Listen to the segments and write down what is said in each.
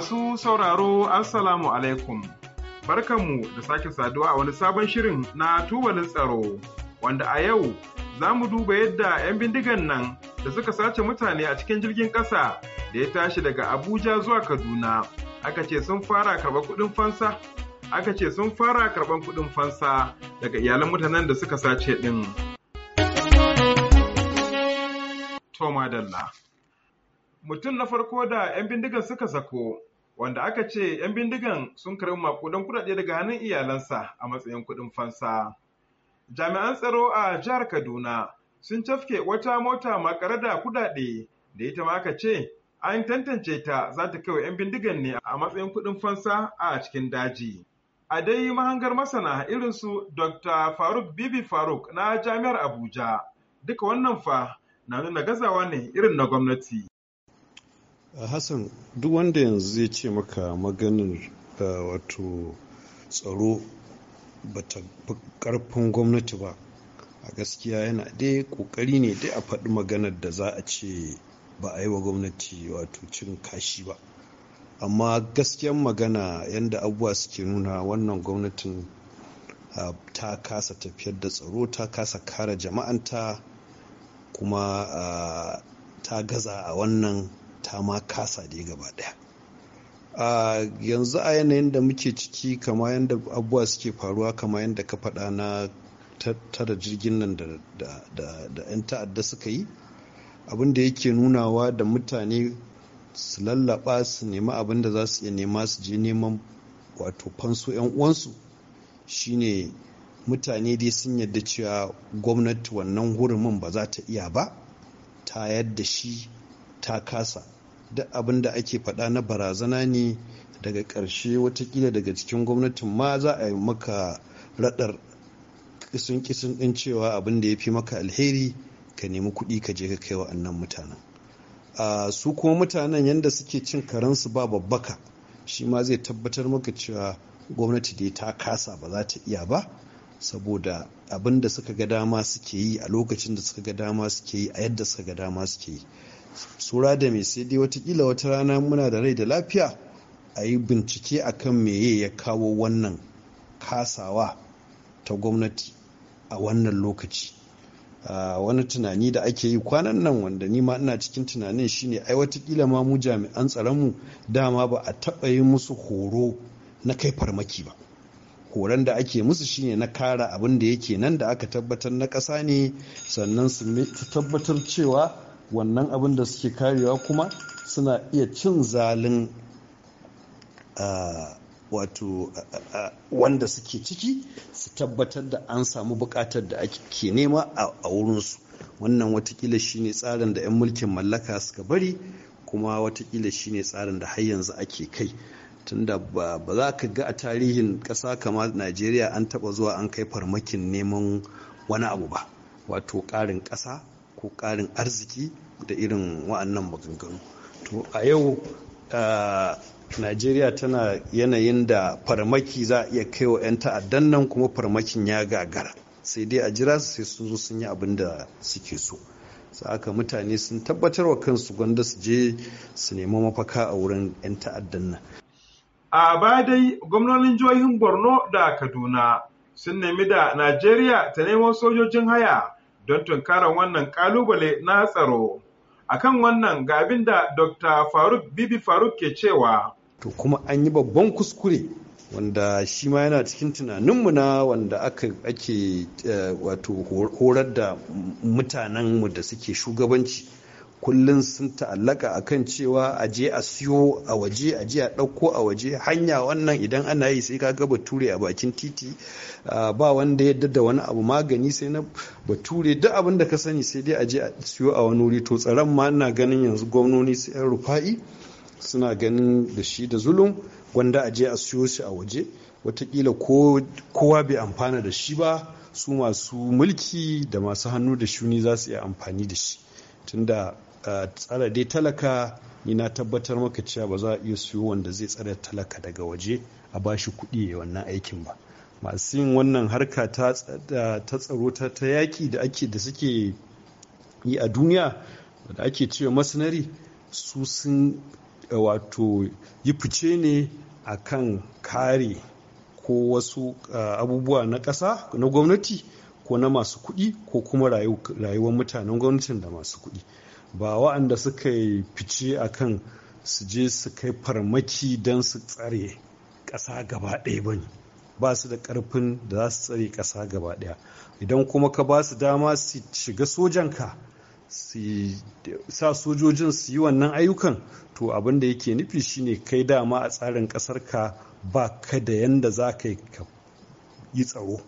Masu sauraro Assalamu alaikum. Barkanmu da sake saduwa a wani sabon shirin na tubalin tsaro wanda a yau za mu duba yadda 'yan bindigan nan da suka sace mutane a cikin jirgin ƙasa da ya tashi daga Abuja zuwa Kaduna. Aka ce sun fara karɓar kuɗin fansa aka ce sun fara karɓar kuɗin fansa daga iyalan mutanen da suka sace ɗin. Mutum na farko da 'yan bindigan suka sako wanda aka ce 'yan bindigan sun karbi makudan kudade daga hannun iyalansa a matsayin kudin fansa. Jami'an tsaro a jihar Kaduna sun cafke wata mota makare da kudade da ita ma aka ce an tantance ta za ta kai 'yan bindigan ne a matsayin kudin fansa a cikin daji. A dai mahangar masana irin su Dr. Faruk Bibi Faruk na Jami'ar Abuja, duka wannan fa na nuna gazawa ne irin na gwamnati. Uh, hassan duk wanda yanzu zai ce maka maganin uh, wato tsaro ba ta karfin gwamnati ba a gaskiya yana dai kokari ne dai a faɗi maganar da za a ce ba a yi wa gwamnati wato cin kashi ba amma gaskiyan magana yadda abubuwa suke nuna wannan gwamnatin uh, ta kasa tafiyar da tsaro ta kasa kare jama'anta kuma ta gaza a wannan ta ma kasa dai gaba daya a yanzu a yanayin da muke ciki kama yadda abubuwa suke faruwa kama yadda ka faɗa na tara jirgin nan da 'yan ta'adda suka yi abin da yake nunawa da mutane su lallaba su nema abin da za su iya nema su je neman wato fansu 'yan uwansu shine mutane dai sun yadda cewa gwamnati wannan hurumin ba za ta iya ba ta yadda shi ta kasa duk abin da ake faɗa na barazana ne daga karshe watakila daga cikin gwamnatin ma za a yi maka raɗar kisun kisun ɗin cewa abin da ya fi maka alheri ka nemi kuɗi ka je ka kai wa annan mutanen su kuma mutanen yadda suke cin su ba babbaka shi ma zai tabbatar maka cewa gwamnati dai ta kasa ba za ta iya ba saboda abin da suka ga dama suke yi a lokacin da suka ga dama suke yi a yadda suka ga dama suke yi sura da mai sai dai watakila wata rana muna da rai da lafiya a yi bincike akan meye ya kawo wannan kasawa ta gwamnati a wannan lokaci wani tunani da ake yi kwanan nan wanda ni ma ina cikin tunanin shine ai watakila ma mu jami'an tsaronmu dama ba a taɓa yi musu horo na kai farmaki ba horon da ake musu shine na kara abin da yake nan da aka tabbatar na ƙasa ne sannan su tabbatar cewa wannan abin da suke karewa kuma suna iya cin zalin wato wanda suke ciki su tabbatar da an samu bukatar da ake nema a wurinsu wannan watakila shine tsarin da 'yan mulkin mallaka suka bari kuma watakila shine tsarin da har yanzu ake kai tunda ba za ka ga a tarihin ƙasa kama najeriya an taɓa zuwa an kai farmakin neman wani abu ba wato ƙarin ƙasa ko ƙarin arziki da irin wa'annan maganganu to a yau najeriya tana yanayin da farmaki za a iya wa 'yan ta'addan nan kuma farmakin ya gagara sai dai a jira su sai sun zo sun yi abin da suke so haka mutane sun tabbatar wa kansu gwanda su je su nemi mafaka a wurin 'yan ta'addan nan a baya dai gwamnonin jihohin borno da kaduna sun nemi da najeriya ta nemo sojojin haya don tunkarar wannan kalubale na tsaro. a kan wannan ga abin da Dr. Faruk Bibi Faruk ke cewa. To kuma an yi babban kuskure wanda shi ma yana cikin tunaninmu na wanda aka ake eh, wato horar da mutanenmu da suke shugabanci. kullum sun ta'allaka a kan cewa a je a siyo a waje a je a ɗauko a waje hanya wannan idan ana yi sai kaga bature a bakin titi ba wanda yadda da wani abu magani sai na bature duk abin da ka sani sai dai a je a siyo a wani wuri to tsaron ma ina ganin yanzu gwamnoni su yan rufa'i suna ganin da shi da zulum gwanda a je a siyo shi a waje watakila kowa bai amfana da shi ba su masu mulki da masu hannu da shuni za su iya amfani da shi tunda tsare dai talaka ina tabbatar maka cewa ba za a iya siyo wanda zai tsare talaka daga waje a bashi kuɗi ya wannan aikin ba masu yin wannan harka ta tsaro ta yaƙi da ake da suke yi a duniya da ake cewa masanari su sun wato yi fice ne a kan kare ko wasu abubuwa na ƙasa na gwamnati ko na masu kuɗi ko kuma rayuwar mutanen gwamnatin da masu kuɗi ba wa'anda suka yi fice akan su je su kai farmaki don su tsare ƙasa gaba ɗaya ba ne ba su da ƙarfin da za su tsare ƙasa gaba ɗaya idan kuma ka ba su dama su shiga sojanka su sa sojojin su yi wannan ayyukan to abin da yake nufi shine kai dama a tsarin ƙasarka ba ka da yanda za ka yi tsaro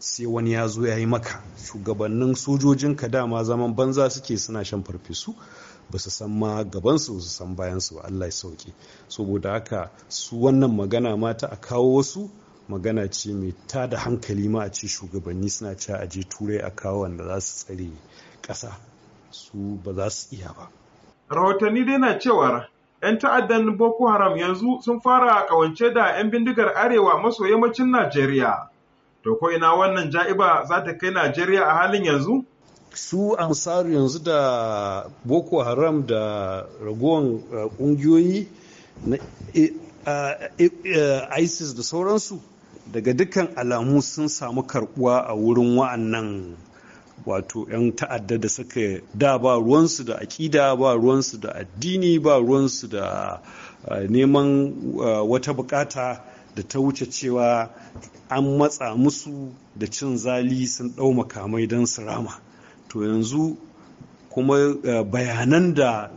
sai wani ya zo ya yi maka shugabannin sojojinka dama zaman banza suke suna shan farfesu ba su san ma gabansu su san bayansu Allah ya sauke saboda haka su wannan magana mata a kawo wasu magana ce mai ta da hankali ma a ce shugabanni suna ci a je turai a kawo wanda za su tsare ƙasa su ba za su iya ba. rahotanni dai na cewa 'yan ta'addan boko haram yanzu sun fara kawance da 'yan bindigar arewa maso yammacin najeriya To ko ina wannan ja'iba za ta kai Najeriya a halin yanzu? Su ansaru yanzu da Boko Haram da ragowan eh, ƙungiyoyi na eh, eh, ISIS da sauransu daga dukkan alamu sun samu karbuwa a wurin wa'annan wato 'yan ta'adda da suka da ba ruwansu da aƙida ba ruwansu da addini ba ruwansu da neman wata bukata da ta wuce cewa an matsa musu da cin zali sun ɗau makamai don su rama to yanzu kuma eh, bayanan da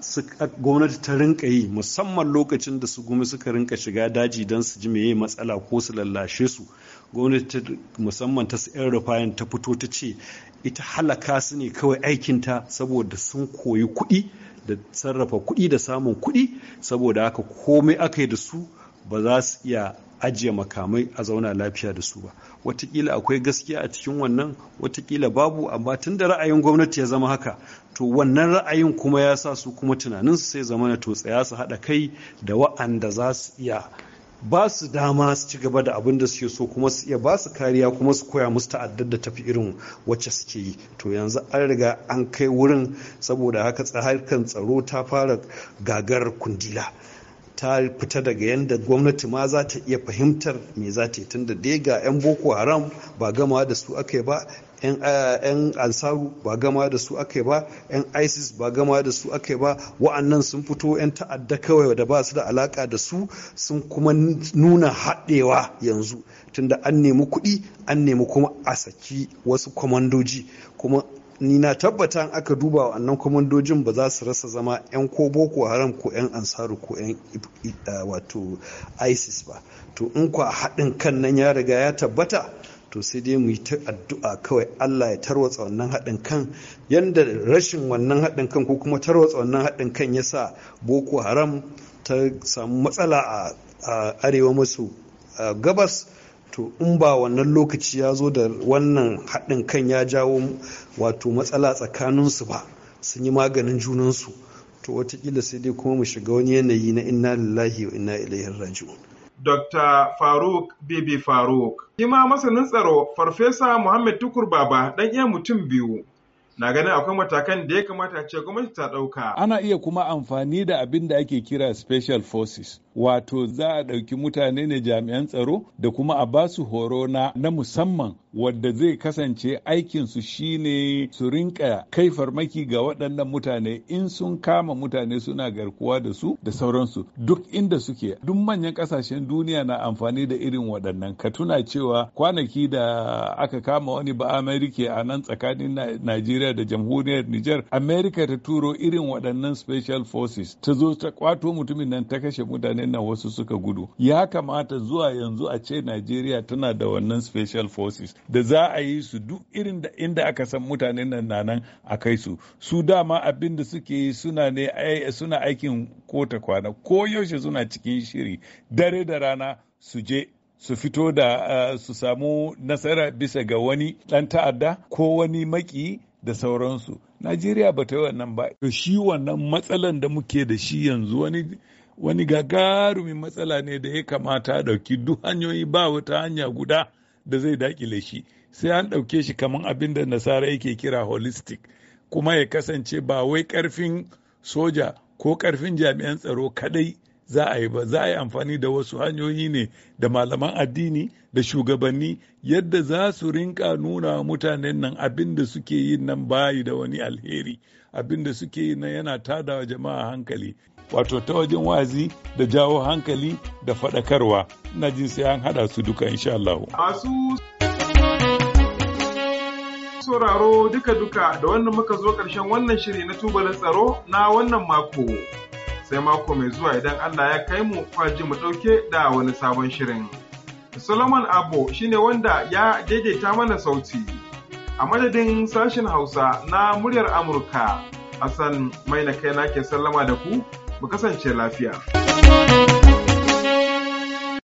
gwamnati ta rinka yi musamman lokacin da su gumi suka rinka shiga daji don su ji meye matsala ko su lallashe su gwamnati musamman ta yan rufayan ta fito ta ce ita halaka su ne kawai aikinta saboda sun koyi kuɗi da sarrafa kuɗi da samun kuɗi saboda haka komai aka yi da su ba za su iya ajiye makamai a zauna lafiya da su ba watakila akwai gaskiya a cikin wannan watakila babu amma tun da ra'ayin gwamnati ya zama haka to wannan ra'ayin kuma ya sa su kuma tunaninsu sai zama na to tsaya su haɗa kai da wa'anda za su iya ba su dama su ci gaba da abin da suke so kuma su iya ba su kariya kuma su koya musu ta'addar da tafi irin wacce suke yi to yanzu an riga an kai wurin saboda haka tsarkan tsaro ta fara gagar kundila ta fita daga yadda gwamnati ma za ta iya fahimtar me za ta yi tunda dai ga 'yan boko haram ba gama da su aka ba 'yan ansaru ba gama da su aka ba 'yan isis ba gama da su aka ba wa'annan sun fito 'yan ta'adda kawai da ba su da alaka da su sun kuma nuna haɗewa yanzu tunda an nemi kuɗi an nemi kuma a saki wasu kwamandoji kuma ni na tabbata aka duba wa annan kwamandojin ba za su rasa zama 'yan ko boko haram ko 'yan ansaru ko 'yan eh, wato isis ba to in kwa haɗin kan nan ya riga ya tabbata to sai dai mu yi ta addu'a kawai Allah ya tarwatsa wannan haɗin kan yadda rashin wannan haɗin kan ko kuma tarwatsa wannan haɗin kan ya sa boko haram ta samu matsala a arewa maso gabas to in ba wannan lokaci ya zo da wannan haɗin kan ya jawo wato matsala tsakaninsu ba sun yi maganin junansu to watakila sai dai kuma mu shiga wani yanayi na inna lillahi wa inna ilaihi raji'un Dr. Faruk Bibi Faruk. Kima masanin tsaro Farfesa Muhammad Tukur Baba ɗan iya mutum biyu. Na ganin akwai matakan da ya kamata ce gwamnati ta ɗauka. Ana iya kuma amfani da abin da ake kira Special Forces. wato za a ɗauki mutane ne jami'an tsaro da kuma a ba su horo na na musamman wadda zai kasance aikinsu shine su rinka kai farmaki ga waɗannan mutane in sun kama mutane suna garkuwa da su da sauransu duk inda suke duk manyan ƙasashen duniya na amfani da irin waɗannan ka tuna cewa kwanaki da aka kama wani ba amerika a nan tsakanin najeriya da jamhuriyar niger amerika ta turo irin waɗannan special forces ta zo ta kwato mutumin nan ta kashe mutane mutanen nan wasu suka gudu ya kamata zuwa yanzu a ce najeriya tana da wannan special forces da za a yi su duk irin da inda aka san mutanen nan na nan a kai su su dama abin da suke yi suna ne eh, suna aikin kota kwana ko yaushe suna cikin shiri dare da rana su je su fito da eh, su samu nasara bisa ga wani ɗan ta'adda ko wani maki da sauransu najeriya ba ta yi wannan ba shi wannan matsalan da muke da shi yanzu wani wani gagarumin matsala ne da ya kamata a ɗauki duk hanyoyi ba wata hanya guda da zai dakile shi sai an ɗauke shi kamar abin da nasara yake kira holistic kuma ya kasance ba wai ƙarfin soja ko ƙarfin jami'an tsaro kadai za a yi ba za a yi amfani da wasu hanyoyi ne da malaman addini da shugabanni yadda za su rinka nuna wa mutanen nan abin da suke yin nan bayi da wani alheri abin da suke yi nan yana tada wa jama'a hankali wato ta wajen wazi da jawo hankali da faɗakarwa na jin sai an haɗa su duka insha Allah. Masu sauraro duka-duka da wannan muka zo ƙarshen wannan shiri na tubalin tsaro na wannan mako. Sai mako mai zuwa idan Allah ya kai mu kwaji mu ɗauke da wani sabon shirin. Solomon Abo shine wanda ya daidaita mana sauti. A madadin sashen Hausa na muryar Amurka. Hassan mai na kai na ke sallama da ku, mu kasance lafiya.